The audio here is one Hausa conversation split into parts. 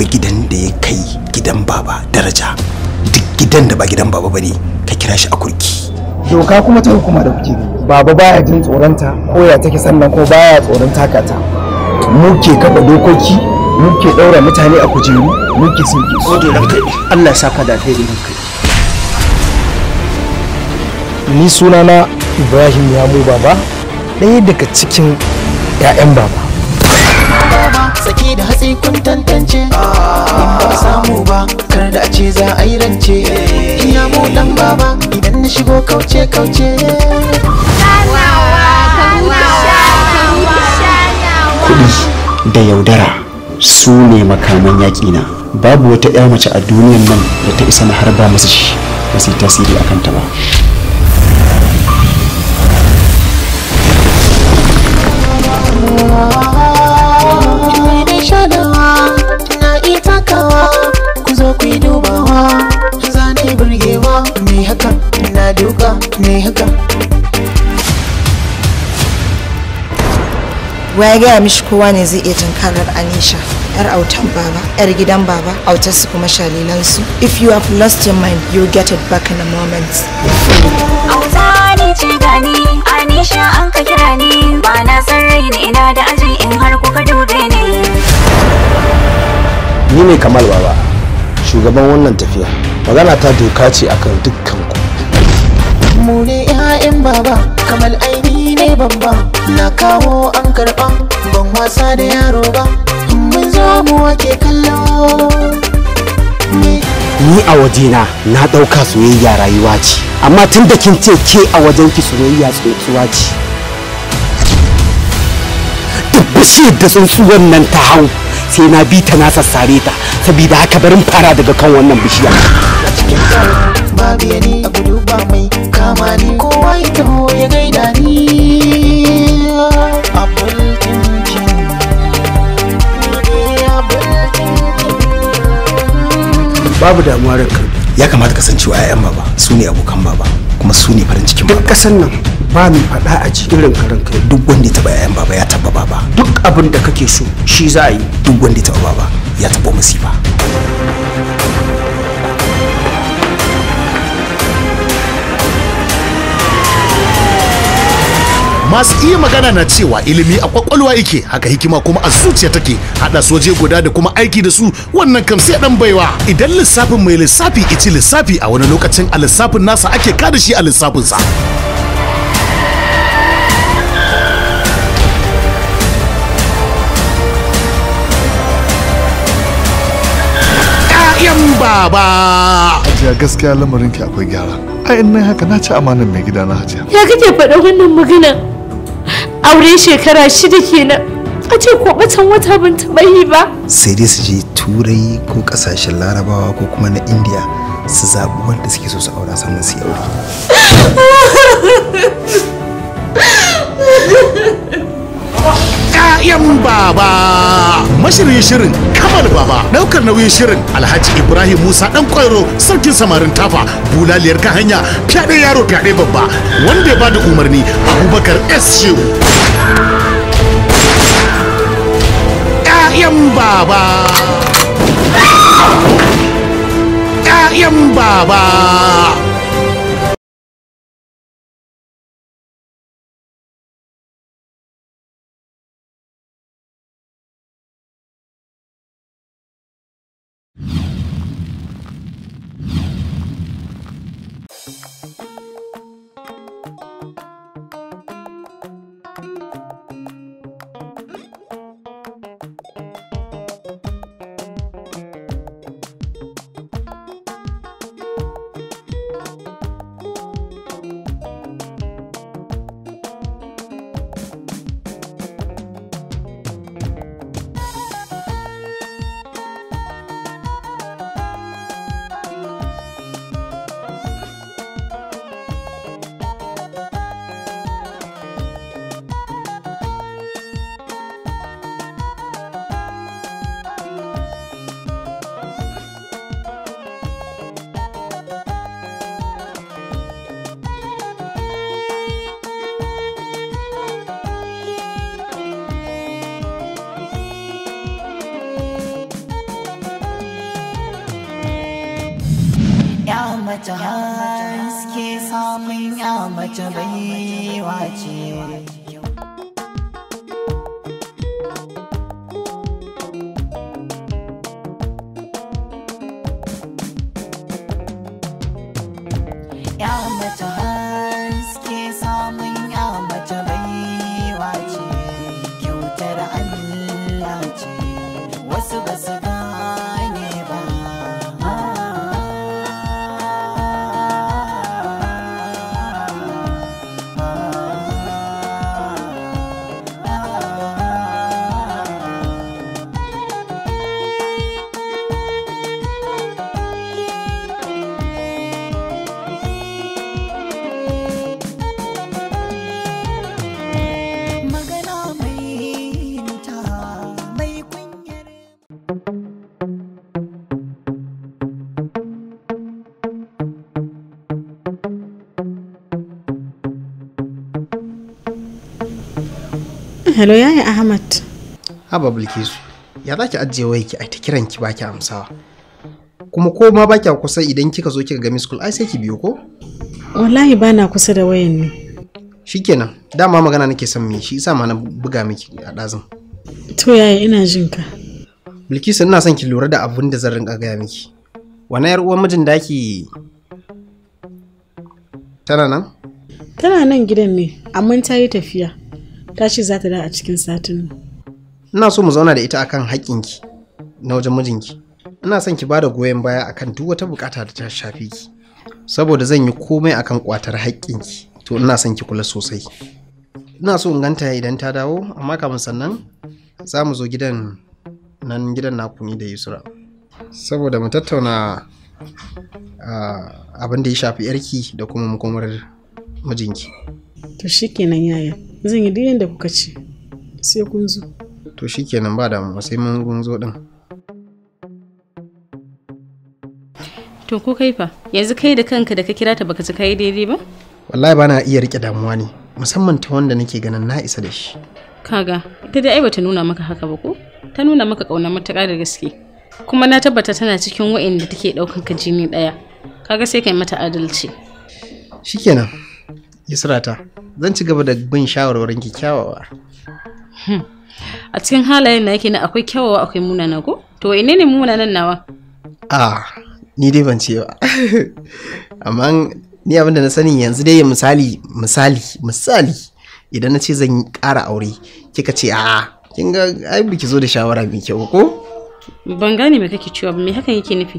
babu gidan da ya kai gidan baba daraja duk gidan da ba gidan baba ba ne ka kira shi a kurki doka kuma ta hukuma da kuke baba baya jin tsoronta ko ya take sannan ko baya tsoron takata mu kafa dokoki mu ke daura mutane a kujeru mu ke sauke Allah ya saka da alheri kai. ni sunana Ibrahim Yamu Baba ɗaya daga cikin 'ya'yan baba ba sake da hatsi kun tantance in ba samu ba kar da ce za a yi rance ina mu dan baba idan na shigo kauce kauce kuɗi da yaudara su ne makaman yaƙi na babu wata 'ya mace a duniyan nan da ta isa na harba masu shi ba sai tasiri akan ta ba ma zane burgewa me haka ina duka me haka waya gaya mishi kowa ne zai iya tunkarar anisha yar autan baba yar gidan baba autar su kuma shalilansu if you have lost your mind you get it back in a moment auta ni gani anisha an ka kira ni ba na san rai ne ina da aji in har kuka dube ni ni ne kamal baba shugaban wannan tafiya magana ta doka ce akan dukkan ku mu 'ya'yan baba kamar aini ne babba na kawo an karɓa ban wasa da yaro ba mun zo mu wake kallo ni a wajena na ɗauka soyayya rayuwa ce amma tun da kin ce ke a wajen ki soyayya tsotsuwa ce duk bishiyar da tsuntsuwan nan ta hau sai na bi ta na sassare ta saboda haka barin fara daga kan wannan bishiya babu mai ya ya gaida ni babu damuwa ya kamata kasancewa 'ya'yan baba su ne abokan baba kuma su ne farin cikin duk kasan nan ba mu faɗa a cikin irin karan kai duk wanda ya taɓa yayan baba ya taɓa baba duk abin da kake so shi za a yi duk wanda ya taɓa baba ya taɓa masifa masu iya magana na cewa ilimi a kwakwalwa yake haka hikima kuma a zuciya take hada soje guda da kuma aiki da su wannan kam sai dan baiwa idan lissafin mai lissafi ici lissafi a wani lokacin a lissafin nasa ake kada shi a lissafinsa baba. Hajiya gaskiya lamarin ki akwai gyara. Ai in haka na ci amanin mai gida na Hajiya. Ya kake faɗa wannan magana? aure shekara shida kenan a ce ko batan wata ban taba yi ba sai dai su je turai ko kasashen larabawa ko kuma na indiya su zaɓi wanda suke so su aura sannan su yi aure ‘Ya'yan baba! Mashirin shirin kamar baba daukar nauyin shirin alhaji ibrahim musa dan kwairo sarkin samarin tafa bulaliyar kan hanya fyaɗe yaro fyaɗe babba wanda ya bada umarni abubakar s shehu ƴaƴan baba ƴaƴan baba बचास के सामने आ बचबई Hello yaya Ahmad. Haba Bilkisu, ya za ki ajiye wayarki ki ta kiran ki baki amsawa. Kuma ko ma baki kusa idan kika zo kika ga miss ai sai ki biyo ko? Wallahi na kusa da wayan ne. Shikenan, dama magana nake son mi shi yasa ma na buga miki a dazin. To yaya ina jin ka? Bilkisu ina son ki lura da abun da zan rinka gaya miki. Wani yar uwan mijin daki tana nan? Tana nan gidan ne, amma ta yi tafiya. tashi zata za ta da a cikin satin ina so mu zauna da ita akan haƙƙinki na wajen mijinki ina son ki bada goyon baya akan duk wata bukata da ta shafe ki saboda zan yi komai akan kwatar haƙƙinki to ina son ki kula sosai ina so in ganta idan ta dawo amma kaman sannan za mu zo gidan nan gidan naku ni da yusra saboda mu tattauna abin da ya shafi yarki da kuma makomar mijinki to shikenan yaya zan yi duk yadda kuka ce sai kun zo to shikenan ba damuwa sai mun kun din to ko kai fa yanzu kai da kanka da ka kira ta baka ci kai daidai ba wallahi na iya rike damuwa ne musamman ta wanda nake ganin na isa da shi kaga ita dai ai bata nuna maka haka ba ko ta nuna maka kauna matuƙa da gaske kuma na tabbata tana cikin wa'inda take ɗaukan ka jini ɗaya kaga sai kai mata adalci shikenan Yusrata, zan ci gaba da bin shawarwarin ki kyawawa. Hmm. A cikin halayen na yake na akwai kyawawa akwai munana ko? To ine ne munanan nawa? Ah, ni dai ban ce ba. Amma ni abin da na sani yanzu dai misali misali misali idan na ce zan ƙara aure kika ce a kin ga ai biki zo da shawara mai kyau ko? Ban gane me kake cewa ba me hakan yake nufi?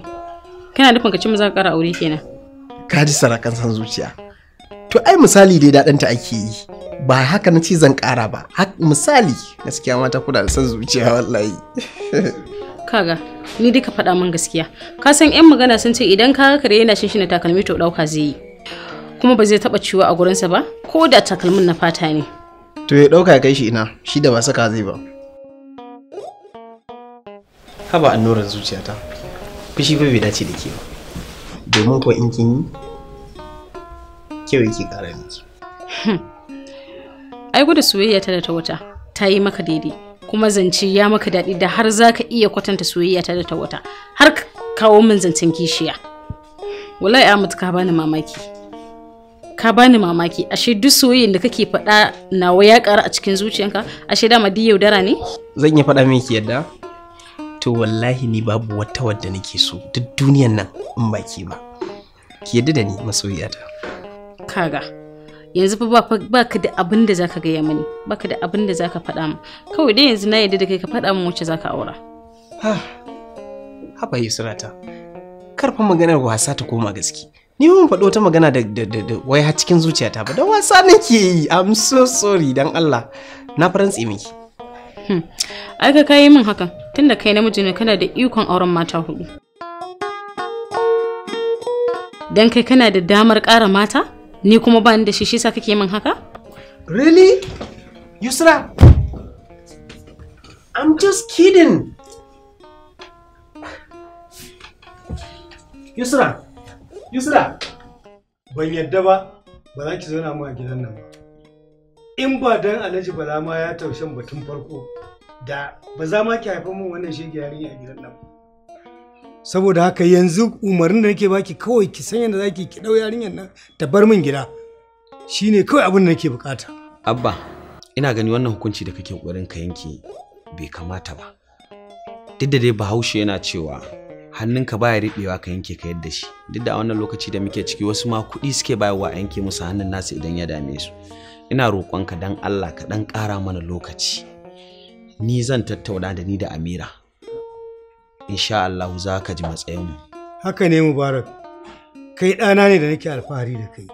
Kana nufin ka ci mu za ka ƙara aure kenan. Ka ji sarakan san zuciya. to ai misali dai daɗanta ake yi ba haka na ce zan ƙara ba misali gaskiya mata kuna da son zuciya wallahi kaga ni dai ka faɗa min gaskiya ka san yan magana sun ce idan ka kare yana shin na takalmi to ɗauka zai yi kuma ba zai taɓa ciwo a gurinsa ba ko da takalmin na fata ne to ya ɗauka kai shi ina shi da ba saka zai ba haba annoran zuciyata fushi ba bai dace da ke ba domin ko in kin yi kyau yake kara miki ai gudu soyayya ta da ta wata ta yi maka daidai kuma zance ya maka daɗi da har za ka iya kwatanta soyayya ta da ta wata har kawo min zancen kishiya wallahi Ahmad ka bani mamaki ka bani mamaki ashe duk soyayyar da kake faɗa nawa ya ƙara a cikin zuciyanka ashe dama duk yaudara ne zan iya faɗa miki yadda to wallahi ni babu wata wadda nake so duk duniyan nan in baki ba ki yadda da ni masoyiyata kaga yanzu fa ba ka da abin da zaka gaya mani ba ka da abin da zaka faɗa mu kawai dai yanzu na yi da kai ka faɗa mu wacce zaka aura haba yi surata karfa maganar wasa ta koma gaske ni mun faɗo ta magana da wai har cikin zuciyata ba da wasa nake yi i'm so sorry dan Allah na farantsi miki hmm. ai ka kai min hakan tunda kai namiji ne kana da ikon auren mata hudu dan kai kana da damar ƙara mata ni kuma ba da shi shi sa kake min haka really yusra i'm just kidding yusra yusra ban yadda ba ba za ki zauna mu a gidan nan ba in ba dan alhaji bala ma ya taushen batun farko da ba za ma ki haifa min wannan shege yarinya a gidan nan ba saboda haka yanzu umarnin da nake baki kawai ki san yadda zaki ki dau yarinyar nan ta bar min gida shine kawai abin da nake bukata abba ina gani wannan hukunci da kake kokarin ka yanke bai kamata ba duk da dai bahaushe yana cewa hannunka baya riɓewa ka yanke ka yadda shi duk da a wannan lokaci da muke ciki wasu ma kuɗi suke bayarwa a yanke musu hannun nasu idan ya dame su ina roƙonka dan Allah ka dan ƙara mana lokaci ni zan tattauna da ni da Amira insha Allah za ka ji matsayinmu. Haka ne Mubarak, kai ɗana ne da nake alfahari da kai.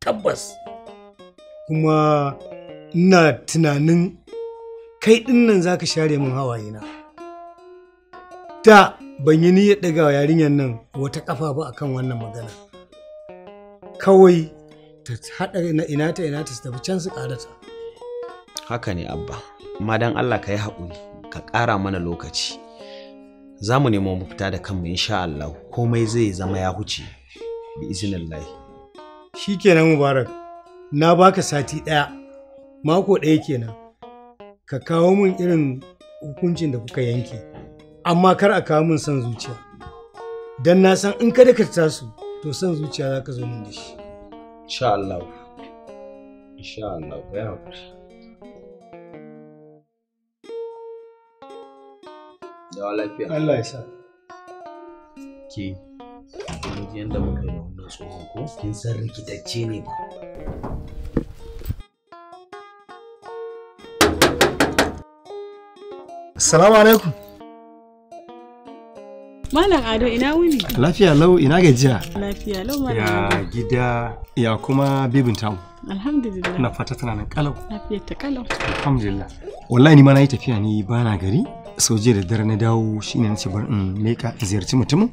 Tabbas. Kuma ina tunanin kai ɗinnan za ka share min hawayena. Da ban yi niyyar ɗaga yarinyar nan wata ƙafa ba akan wannan magana. Kawai ta haɗa na ina ta ina ta tafi can su ƙarata. Haka ne Abba, amma Allah ka yi haƙuri, ka ƙara mana lokaci. za mu nemo mafita da kanmu insha Allah komai zai zama ya huce bi shi shikenan mubarak na baka sati ɗaya mako ɗaya kenan ka kawo min irin hukuncin da kuka yanke amma kar a kawo min son zuciya don na san in ka dakarta su to son zuciya za ka zo min da shi insha Allah insha Allah ya dawo lafiya Allah ya sa ke mun ji yanda muka yi wannan tsohon ko kin san rikitacce ne ba Assalamu alaikum. Malam Ado ina wuni? Lafiya lau ina gajiya. Lafiya lau malam Ya gida ya kuma bibin tamu. Alhamdulillah. na fata tana nan kalau. Lafiya ta kalau. Alhamdulillah. Wallahi ni ma na yi tafiya ni ba na gari. soje da dare na dawo shine nace bar in leka in ziyarci mutumin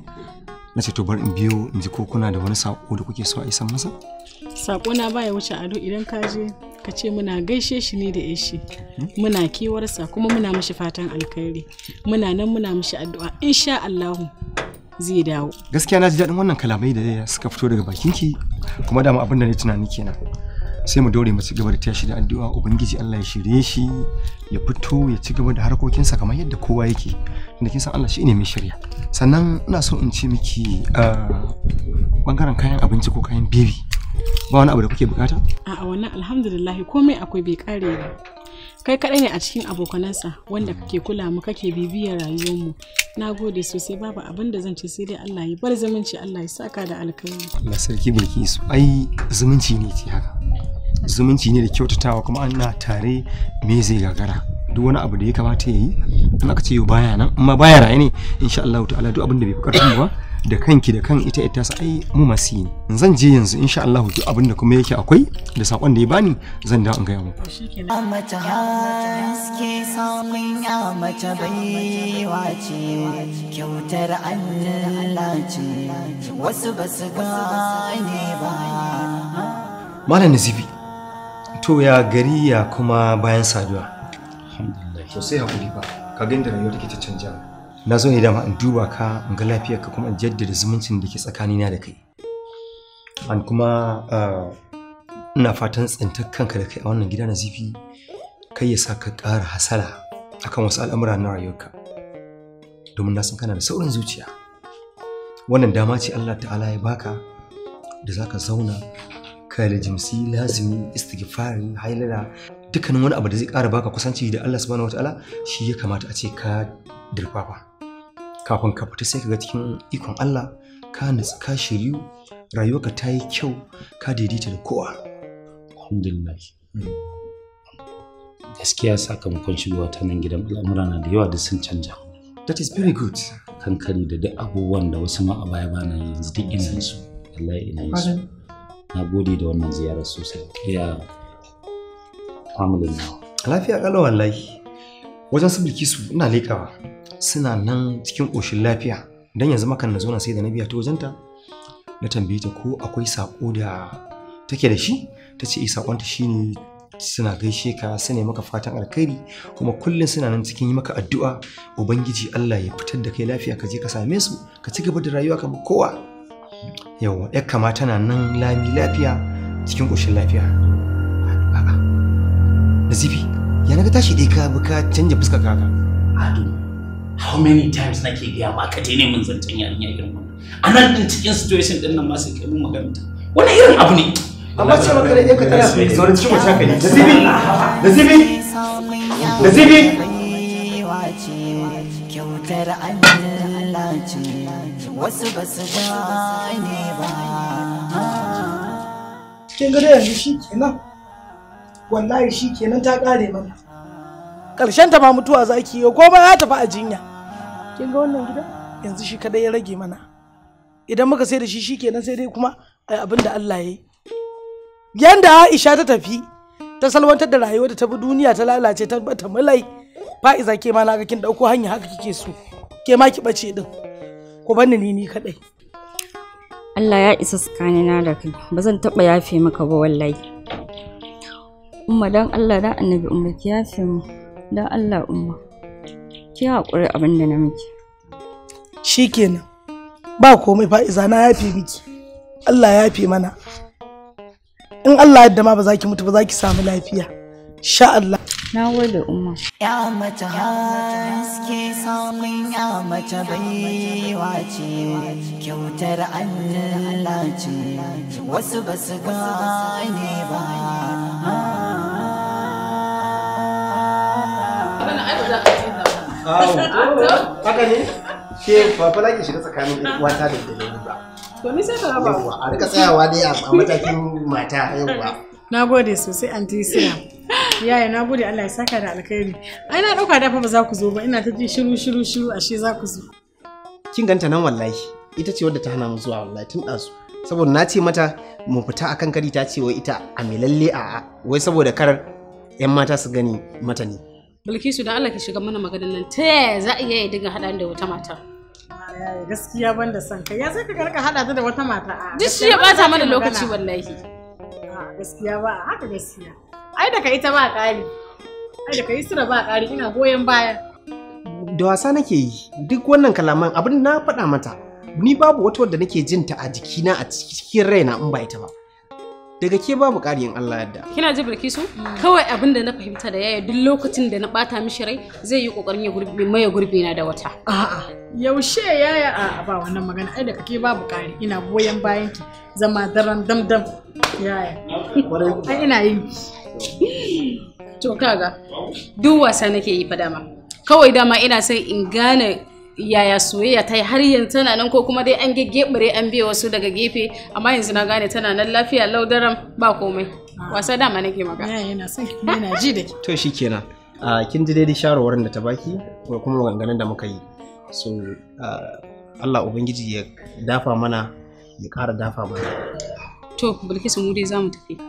nace to bar in biyo in ji ko kuna da wani sako da kuke so a isan masa sako na baya wuce ado idan ka je ka ce muna gaishe shi ne da yashi muna kewarsa kuma muna mishi fatan alkhairi muna nan muna mishi addu'a insha allahu zai dawo gaskiya na ji daɗin wannan kalamai da suka fito daga bakinki kuma dama abin da ne tunani kenan sai mu dore mu ci gaba da tashi da addu'a ubangiji Allah ya shirye shi ya fito ya ci gaba da harkokinsa kamar yadda kowa yake inda kin san Allah ne mai shirya sannan ina so in ci miki bangaren ah, kayan abinci ko kayan bebi ba wani abu da kuke bukata a'a wannan alhamdulillah komai akwai bai kare ba kai kadai ne a cikin abokanansa wanda kake kula mu kake bibiyar rayuwarmu na gode sosai babu abin da zan ce sai dai Allah ya bar zumunci Allah ya saka da alkhairi Allah sarki su ai zumunci ne ce haka zumunci ne da kyautatawa kuma ana tare me zai gagara duk wani abu da ya kamata ya yi in aka ce yau baya nan amma baya raye ne insha Allah ta'ala duk abin da bai fi karfin ba da kanki da kan ita ita sa ai mu masi ne zan je yanzu insha Allah duk abin da kuma yake akwai da sakon da ya bani zan dawo in ga muku kyautar Allah ce wasu ba su gane ba Malam Nazibi to ya gari ya kuma bayan saduwa alhamdulillah to sai hakuri ba ka ga inda rayuwar take ta canja na zo ne dama in duba ka in ga lafiyar ka kuma in jaddada zumuncin da ke tsakanina da kai an kuma ah, ina fatan tsintar kanka da kai a wannan gida na zifi kai ya sa ka ƙara hasala akan wasu al'amura na rayuwarka domin na san kana da saurin zuciya wannan dama ce Allah ta'ala ya baka da zaka zauna kai jimsi lazimi istighfari hailala dukkanin wani abu da zai ƙara baka kusanci da Allah subhanahu wataala shi ya kamata a ce ka dirfafa kafin ka fita sai ka ga cikin ikon Allah ka nutsu ka shiryu rayuwarka ta yi kyau ka daidaita da kowa alhamdulillah gaskiya sakamakon shigowa ta nan gidan al'amura na da yawa da sun canja that is very good kankani da duk abubuwan da wasu ma a baya ba na yanzu duk ina su wallahi ina su na gode da wannan ziyarar sosai ya amalin now lafiya kalau wallahi wajen su bilkisu ina lekawa suna nan cikin koshin lafiya don yanzu makan na zo na sai da na biya ta wajenta na tambaye ta ko akwai sako da take da shi ta ce eh, sakonta shine suna gaishe ka suna maka fatan alkhairi kuma kullum suna nan cikin yi maka addu'a ubangiji Allah ya fitar da kai lafiya ka je ka same su ka ci gaba da rayuwa kamar kowa Yawwa, ya kamata na nan lami lafiya cikin ƙoshin lafiya. A'a, Nazifi, ya naga tashi dai ka bi ka canja fuska kaka. Ado, how many times nake gaya ma ka daina mun zancen yarinya irin wannan. A nan din cikin situation din nan ma sai kai mun maganata. Wani irin abu ne? Amma ce maka da ka tana zaune cikin wacce haka ne. Nazifi, Nazifi, Nazifi. Kyautar Allah ce. wasu ba su gane ba kin ga yanzu shi kenan wallahi shi kenan ta kare mana karshen ta ma mutuwa ki yi ko ma ya tafi a jinya kin ga wannan gida yanzu shi kadai ya rage mana idan muka sai da shi shi kenan sai dai kuma ai abin da Allah ya yi yanda Aisha ta tafi ta salwantar da rayuwar da ta bi duniya ta lalace ta bata mulai fa'iza ke ma na ga kin dauko hanya haka kike so ke ma ki bace din ku bani ni ni kaɗai. Allah ya isa na da kai ba zan taɓa yafe maka ba wallahi. Umma dan Allah da annabi umma ki yafe mu dan Allah umma ki haƙuri abin da na miki. Shikenan ba komai fa'iza na yafe miki Allah ya fi mana. In Allah yadda ma ba za ki mutu ba za ki samu lafiya. Sha Allah. Na gode umma. Ya mace haske samun ya mace baiwa ce, kyautar Allah ce, wasu ba su gane ba. Haka ne? Ke fafa fa ki shiga tsakanin wata da dalili ba. To sai ka raba. Yawwa, a rika tsayawa dai a matakin mata yawwa. Na gode sosai anti Sina. Yaya na gode Allah ya saka da alkhairi. Ai na dauka dafa ba za ku zo ba ina ta ji shiru shiru shiru ashe za ku zo. Kin ganta nan wallahi ita ce wadda ta hana mu zuwa wallahi tun su Saboda na ce mata mu fita akan kari ta ce wai ita a lalle a wai saboda karar 'yan mata su gani mata ne. Bilkisu da Allah ki shiga mana maganin nan ta yaya za a iya ya dinga haɗa da wata mata. Gaskiya ban da son kai ya sai ka karka haɗa ta da wata mata. Duk shi ya bata mana lokaci wallahi. a gaskiya ba a haka gaskiya ai da ka yi ta ba ƙari ai da ka yi sura ba ƙari ina goyon baya da wasa nake yi duk wannan kalaman abin na faɗa mata ni babu wata wadda nake jin ta a jikina a cikin raina in ba ita ba daga ke babu ƙariyin Allah yadda. Kina ji su? Kawai abin da na fahimta da yaya duk lokacin da na ɓata mishi rai zai yi ƙoƙarin ya gurbi ya gurbi na da wata. A'a, yaushe yaya a ba wannan magana ai daga ke babu ƙari ina goyon bayan ki zama daren damdam yaya. Ai ina yin. To kaga duk wasa nake yi fa dama. Kawai dama ina sai in gane yaya soyayya ta yi har yanzu tana nan ko kuma dai an gaggebare an biya wasu daga gefe amma yanzu na gane tana nan lafiya laudaran ba komai wasa dama nake maka yana son yana ji da to shikenan ah, kin ji daidai shawarwarin da ta baki ko kuma maganganun da muka yi so ah, Allah ubangiji ya dafa mana ya kara dafa mana to bilkisu mu dai zamu tafi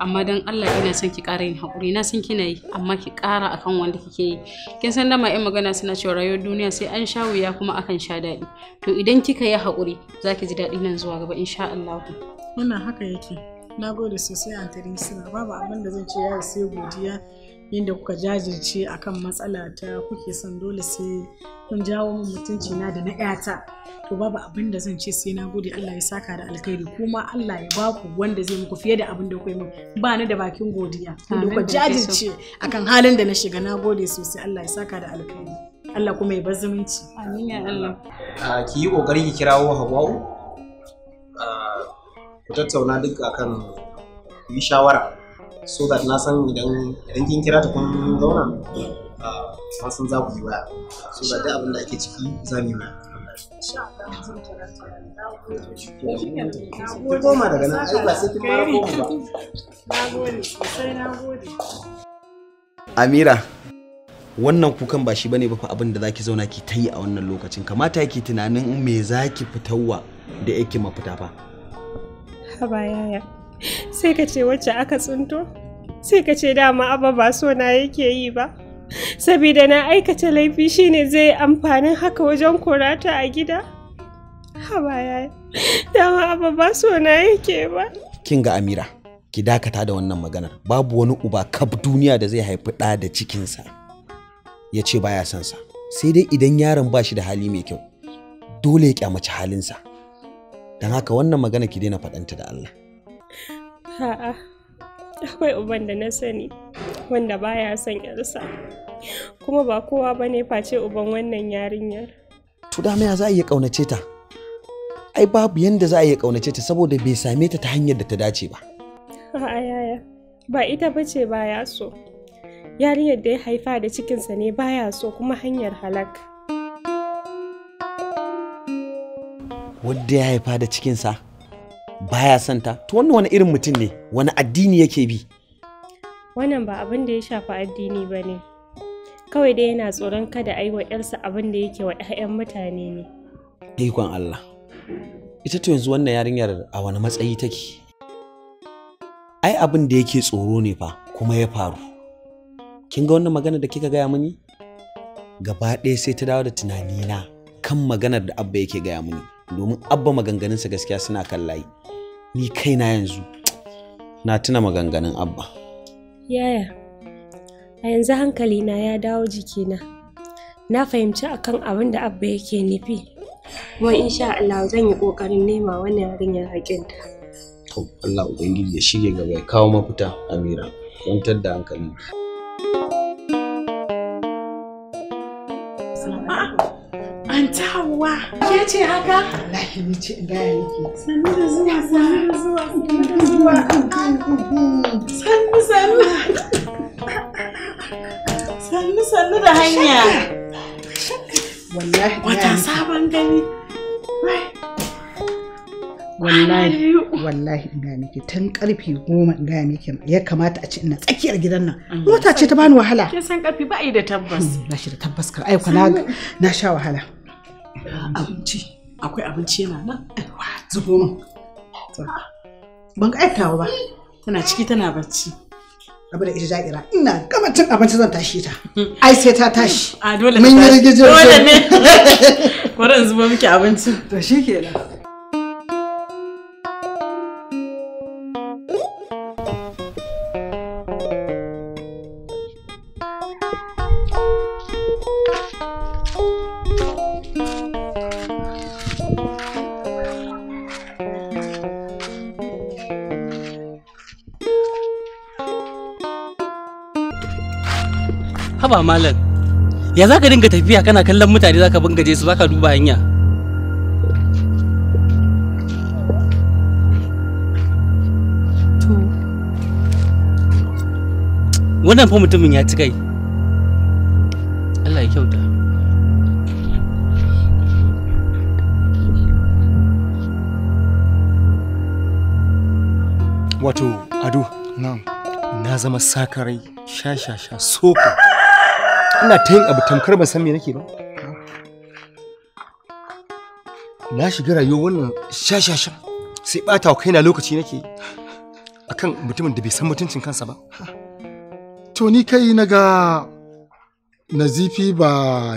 amma dan Allah ina son ki ƙara yin haƙuri na san kina yi amma ki ƙara akan wanda kike yi kin san dama 'yan magana suna cewa rayuwar duniya sai an sha wuya kuma akan sha daɗi to idan kika yi haƙuri zaki ji daɗi nan zuwa gaba insha Allah wannan haka yake na gode sosai a babu abin da zan ce ya sai godiya yadda kuka jajirce akan matsala ta kuke son dole sai kun jawo min mutunci na da na yata to babu abin da zan ce sai na gode Allah ya saka da alkhairi kuma Allah ya baku wanda zai muku fiye da abin da kuka min ba ni da bakin godiya da kuka jajirce akan halin da na shiga na gode sosai Allah ya saka da alkhairi Allah kuma ya bar zumunci amin ya Allah ki yi kokari ki kirawo Hawwa'u ku tattauna duk akan yi shawara so that na san idan idan kin kira ta kun zauna ah, a san za ku yi waya so that duk abin da ake ciki za mu yi waya daga nan, ba sai ba. Amira, wannan kukan ba shi bane ba fa abin da zaki zauna ki ta yi a wannan lokacin kamata yake tunanin me zaki fitarwa da yake mafita fa haba yaya sai ka ce wacce aka tsinto sai ka ce dama abba ba so na yake yi ba Sabida na aikata laifi shine zai amfanin haka wajen korata a gida haba yaya dama abba ba so na yake ba kin ga amira ki dakata da wannan maganar babu wani uba kab duniya da zai haifi ɗa da cikinsa ya ce baya son sa sai dai idan yaron ba shi da hali mai kyau dole ya kyamaci halinsa don haka wannan magana ki daina faɗanta da Allah A'a, akwai uban da na sani wanda baya son yarsa, kuma ba kowa ba ne face uban wannan yarinyar. To dama za a iya ƙaunace ta? Ai babu yanda za a iya ƙaunace ta saboda bai same ta ta hanyar da ta dace ba. A'a yaya, ba ita ba ce baya so. Yarinyar da ya haifa da cikinsa ne baya so kuma hanyar halak. Wadda ya haifa da cikinsa? baya santa to wannan wani irin mutum ne wani addini yake bi wannan ba abin da ya shafi addini ba ne kawai dai yana tsoron kada a yi wa yarsa abin da yake wa 'ya'yan mutane ne ikon Allah ita to yanzu wannan yarinyar a wani matsayi take ai abin da yake tsoro ne fa kuma ya faru kin ga wannan magana da kika gaya mini gaba ɗaya sai ta dawo da tunani na kan maganar da abba yake gaya mini domin abba maganganunsa gaskiya suna kan layi ni kaina yanzu na tuna maganganun abba yaya a yanzu hankali na ya dawo jikina na fahimci akan abin da abba yake nufi kuma insha Allah zan yi kokarin nema wannan yarinyar hakinta to Allah ubangiji ya shige gaba ya kawo mafita Amira kwantar da hankali mantawa ke ce haka lahi ni ce yake sannu da zuwa sannu da zuwa sannu da zuwa da hanya wallahi wata sabon gani wallahi wallahi in miki tun karfe goma in miki ya kamata a ce ina tsakiyar gidan nan mm. mota ce ta bani wahala kin san karfe ba yi da tabbas na hmm, shi da tabbas kar ai na na sha wahala abinci akwai abinci yana nan zubo min ban ga aikawa ba tana ciki tana bacci abu da ita ja'ira ina gama cin abinci zan tashi ta ai sai ta tashi a ah, dole ne dole ne bari in zubo miki abinci to shikenan haba malam ya za ka dinga tafiya kana kallon mutane za ka bangaje su za ka duba hanya wannan fa mutumin ya ci kai Allah ya kyauta wato ado na zama sakarai sha sha sha soko ina ta yin abu tamkar ban san me nake ba na shiga rayuwar wannan shashashan sai bata kai na lokaci nake akan mutumin da bai san mutuncin kansa ba to ni kai na ga nazifi ba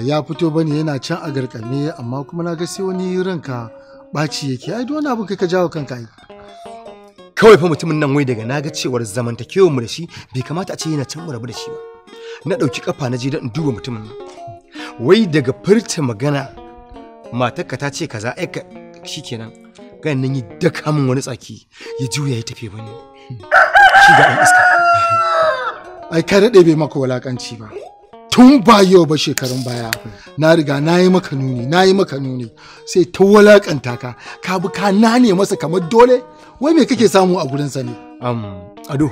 ya fito ba ne yana can a garkame amma kuma na ga sai wani ranka ɓaci yake ai wani abun kai ka jawo kanka ai kawai fa mutumin nan wai daga na ga cewar zamantakewar mu da shi bai kamata a ce yana can mu rabu da shi ba na ɗauki kafa na je don duba mutumin nan wai daga furta magana matarka ta ce kaza ai shikenan ga nan yi daka min wani tsaki ya juya ya tafi bane shi ga iska ai ka daɗe bai maka walakanci ba tun ba yau ba shekarun baya na riga na yi maka nuni na yi maka nuni sai ta walakanta ka ka bi ka nane masa kamar dole wai me kake samu a gurinsa ne ado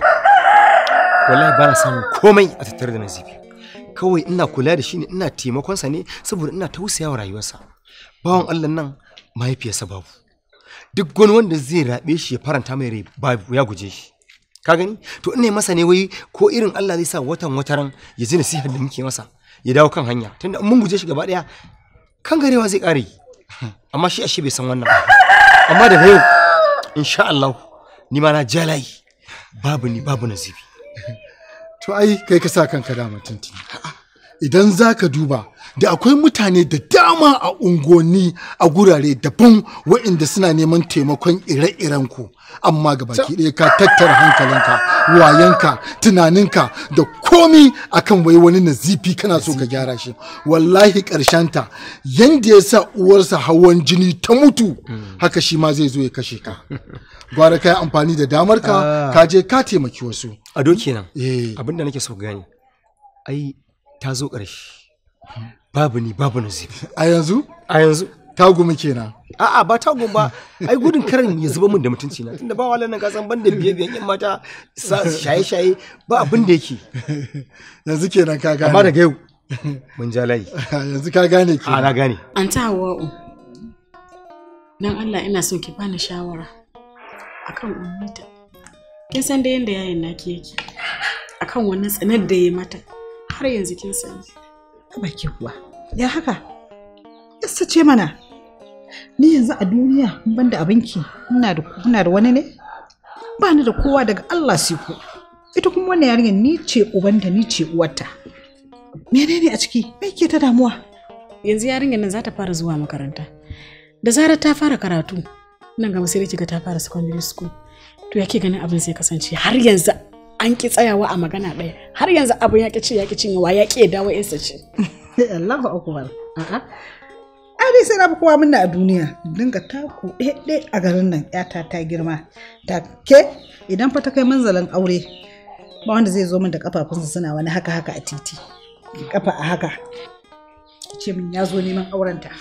wallahi ba na samun komai a tattare da nazibi kawai ina kula da shi ne ina sa ne saboda ina tausayawa rayuwarsa bawan allah nan mahaifiyarsa babu duk wani wanda zai raɓe shi ya faranta mai rai babu ya guje shi ka gani to ina masa ne wai ko irin allah zai sa watan wataran ya ji nasihar da muke masa ya dawo kan hanya tunda mun guje shi gaba ɗaya kan garewa zai kare amma shi ashe bai san wannan amma daga yau insha allah ni ma na jalayi babu ni babu nasibi to ai kai ka sa kanka da mutunci idan za ka duba da akwai mutane da dama a unguwanni a gurare daban waɗanda suna neman taimakon ire-iren ku amma ga baki ɗaya ka tattara hankalinka wayanka tunaninka da komi akan wai wani nazifi kana so ka gyara shi wallahi ta yadda ya sa uwarsa hawan jini ta mutu haka shi ma zai zo ya kashe ka gwara ka yi amfani da damarka ah. ka je ka taimaki wasu a doki nan eh. abinda nake so gani ai ta zo ƙarshe babu ni babu nasibi a yanzu a yanzu tagumu kenan a'a ba tagun ba ai gudun karin ya zuba min da mutunci na tunda ba wala nan kasan ban da biye biyan yan mata shaye shaye ba abin da yake yanzu kenan ka gane amma daga yau mun ja layi yanzu ka gane ke na gane an ta hawa'u dan Allah ina so ki bani shawara akan ummita kin san da yanda yayin naki yake akan wannan tsanar da ya mata har yanzu kin sani bakin kuwa ya haka yassa ce mana ni yanzu a duniya in banda abinki ina da kuna da wani ne ba ni da kowa daga Allah sai ku ita kuma wannan yarinyar ni ce ubanta ni ce uwarta menene a ciki me ke ta damuwa yanzu yarinyar nan za ta fara zuwa makaranta da zarar ta fara karatu nan ga sai ga ta fara secondary school to yake ganin abin sai kasance har yanzu an ki tsayawa a magana ɗaya har yanzu abin ya ki ya ki cinyewa ya ki dawo yarsa ce Allahu akbar a'a dai sai na fi kowa muna a duniya dinga taku ɗaiɗe a garin nan yata ta girma ta ke idan fa ta kai manzalan aure ba wanda zai zo min da kafafunsa suna wani haka haka a titi kafa a haka ce min ya zo neman aurenta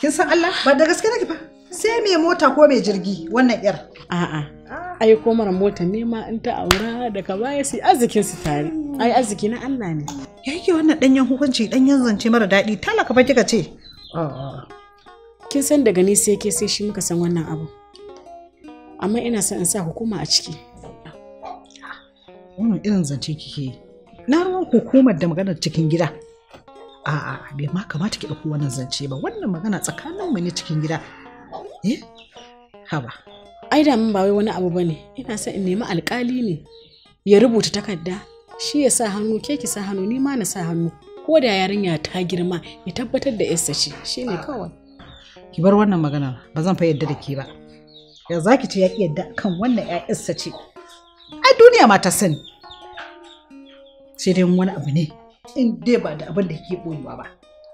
kin san Allah ba da gaske nake ba sai mai mota ko mai jirgi wannan yar a'a aiko mara mota nema in ta aura daga baya su arzikin su tare ai arziki na Allah ne yake wannan danyen hukunci danyen zance mara daɗi talaka ba kika ce kin san daga ni sai ke sai shi muka san wannan abu amma ina son in sa hukuma a ciki wannan irin zance kike yi na ruwan hukumar da maganar cikin gida a'a bai ma kamata ki dauko wannan zance ba wannan magana tsakanin mu ne cikin gida eh haba ai da ba wai wani abu bane ina son in nemi alkali ne ya rubuta takarda shi ya sa hannu ke ki sa hannu ni ma na sa hannu ko da yarinya ta girma ya tabbatar da yarsa ce ne kawai ki bar wannan magana ba zan fa yadda da ke ba ya zaki ce ya ki yadda kan wannan yarsa ce ai duniya ma ta sani sai dai wani abu ne in dai ba da abin da ke boyewa ba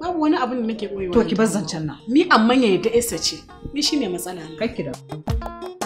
babu wani abin da nake boyewa to ki bar zancen nan ni amma ya yadda yarsa ce ni shine matsala ne ki da